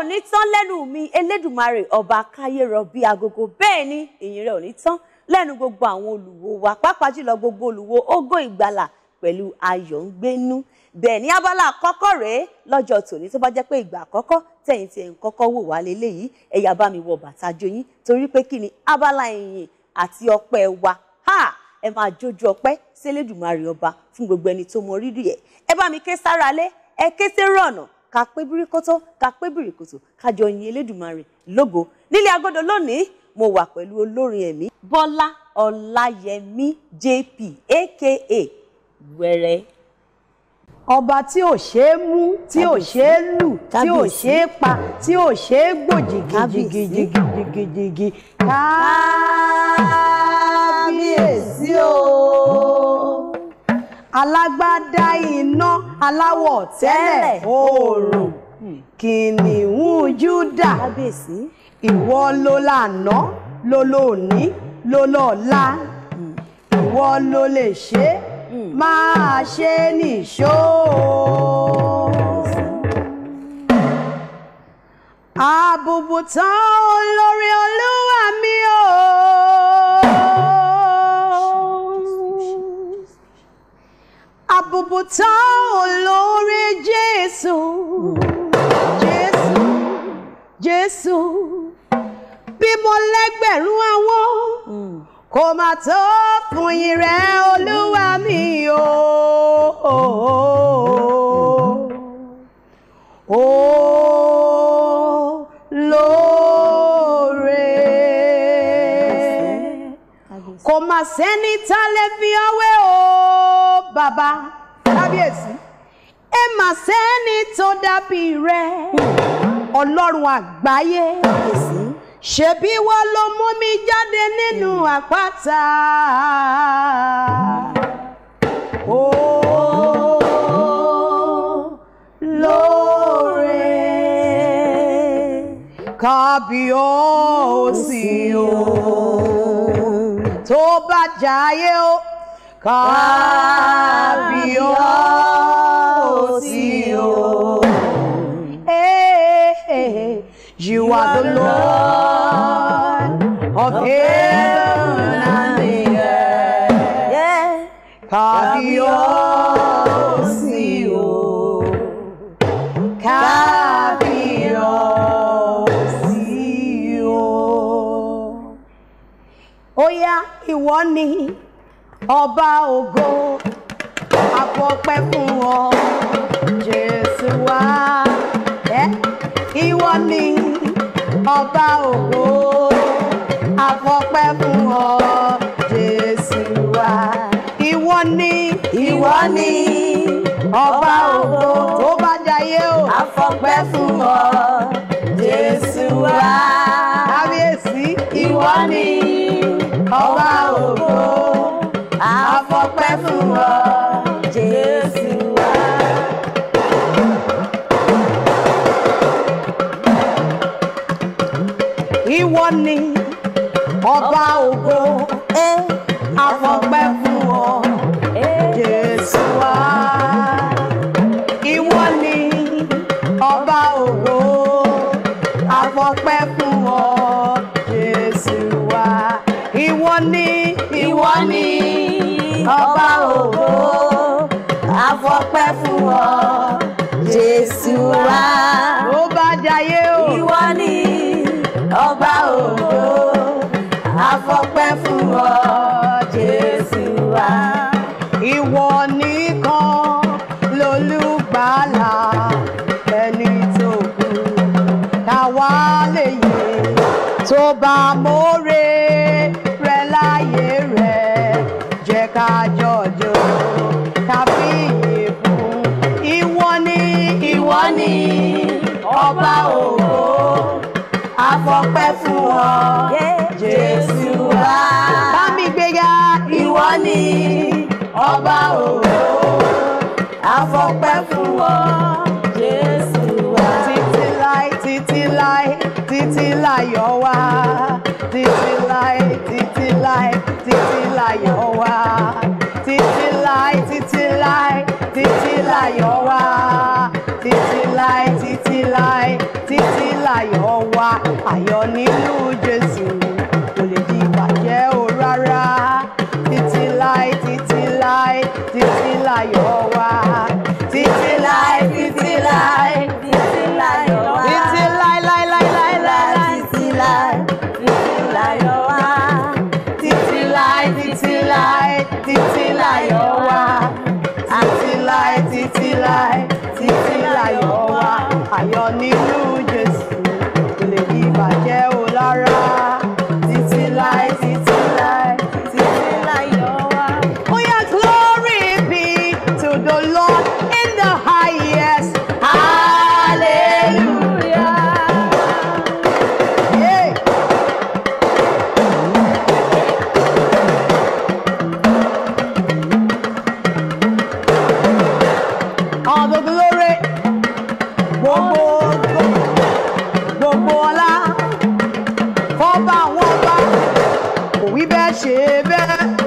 ò ní tán lẹ́nu mi elédùmarè ọba káyé rọ bí agogo bẹ́ẹ̀ ni ìyìn rẹ̀ ò ní tán lẹ́nu gbogbo àwọn olùwò wa pàápàá jùlọ gbogbo olùwò ògo ìgbàlà pẹ̀lú ayọ̀ ń gbénú bẹ́ẹ̀ ní abala àkọ́kọ́ rèé lọ́jọ́ tòní tó bá jẹ́ pé ìgbà àkọ́kọ́ tẹ̀yìn tí ẹ̀ ń kọ́kọ́ wò wá léléyìí ẹ̀yà bá mi wọ bàtà jó yín torí pé kí ni abala ìyìn àti ọpẹ́ wa ha ẹ máa jójú ọpẹ́ sélédùmarè ọba fún gbogbo ẹni tó mọ rírì ẹ̀ ẹ bá mi ké sára lé ẹ ké sérò ọ̀nà ká pé bíríkótó ká pé bíríkótó kájọ yin Elédùmarè lógo nílé agodo lónìí mo wà pẹ̀lú olórin ẹ̀mí Bọ́lá Ọláyẹmí JP aka Wẹrẹ ọba tí ò ṣe é mú tí ò ṣe é lù tí ò ṣe é pa tí ò ṣe é gbòjìgìjìgìjìgìjìgì kábíyèsí o alágbádá ilé aláwọ̀ tẹ́lẹ̀ oòrùn hmm, kìnìún Júdà ìwọ ló lànà ló lóní ló lọ́la hmm, ìwọ ló lè ṣe hmm. máa ṣe nìṣó. àbùbùtán olórí olóòrùn. àbùbùtà olóore Jésù Jésù Jésù bí mo lẹ́gbẹ̀rún àwọn kò má tó fún ire Olúwa mi o. Olóore kò má sẹ́ni tá lè fi ọwẹ́ o. Baba, kábíyèsí ẹ mà sẹ́ni tó dàbí rẹ ọlọ́run àgbáyé ṣebí wọ́n ló mú mi jáde nínú àpáta. Olóore kábíyèsí o tó bá jayé o. Kábíyèsí o. Hey, hey, You are the Lord of heaven and the earth. Yeah. Kábíyèsí o. Kábíyèsí o. Ó yá, ìwọ ni ọba ògo àfọpẹ́ fún ọ jésù wá ẹ ìwọ ni ọba ògo àfọpẹ́ fún ọ jésù wá ìwọ ni ìwọ ni ọba ògo tó bá jayé o àfọpẹ́ fún ọ jésù wá kábíyèsí ìwọ ni ọba ògo fọpẹ́ fún ọ Jésù wa. Ìwọ ni ọba ògo a fọpẹ́ fún ọ Jésù. ọba ògo àfọpẹ́ fún ọ jésù wá. ó bá jayé o. ìwọ ni ọba ògo àfọpẹ́ fún ọ jésù wá. ìwọ nìkan lolùgbàlà ẹni tó kù káwa lè yè tó bá mórè. yìí ọba òwò àfọpẹ́ fún ọ Jésù wa. títí láì títí láì títí láyọ̀ wá títí láì títí láì títí láyọ̀ wá títí láì títí láì títí láyọ̀ wá títí láì títí láì títí láyọ̀ wá ayọ̀ nínú. life. ọba àwọn ọba kò wí bẹ́ẹ̀ ṣe bẹ́ẹ̀.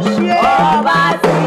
拜拜。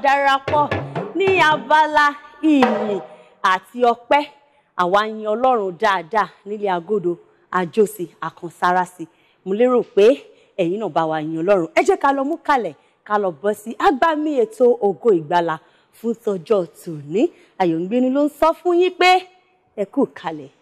darapọ̀ ní abala ìyìn àti ọpẹ́ àwa yin ọlọ́run dáadáa nílé agodo àjòsí àkànsárasì mo lérò pé ẹ̀yin náà bá wa yin ọlọ́run ẹ jẹ́ ká lọ mú kalẹ̀ ká lọ bọ́ sí agbámi ètò ògo ìgbàlà fún tọjọ́ tòní àyòǹgbéni ló ń sọ fún yín pé ẹ kú kalẹ̀.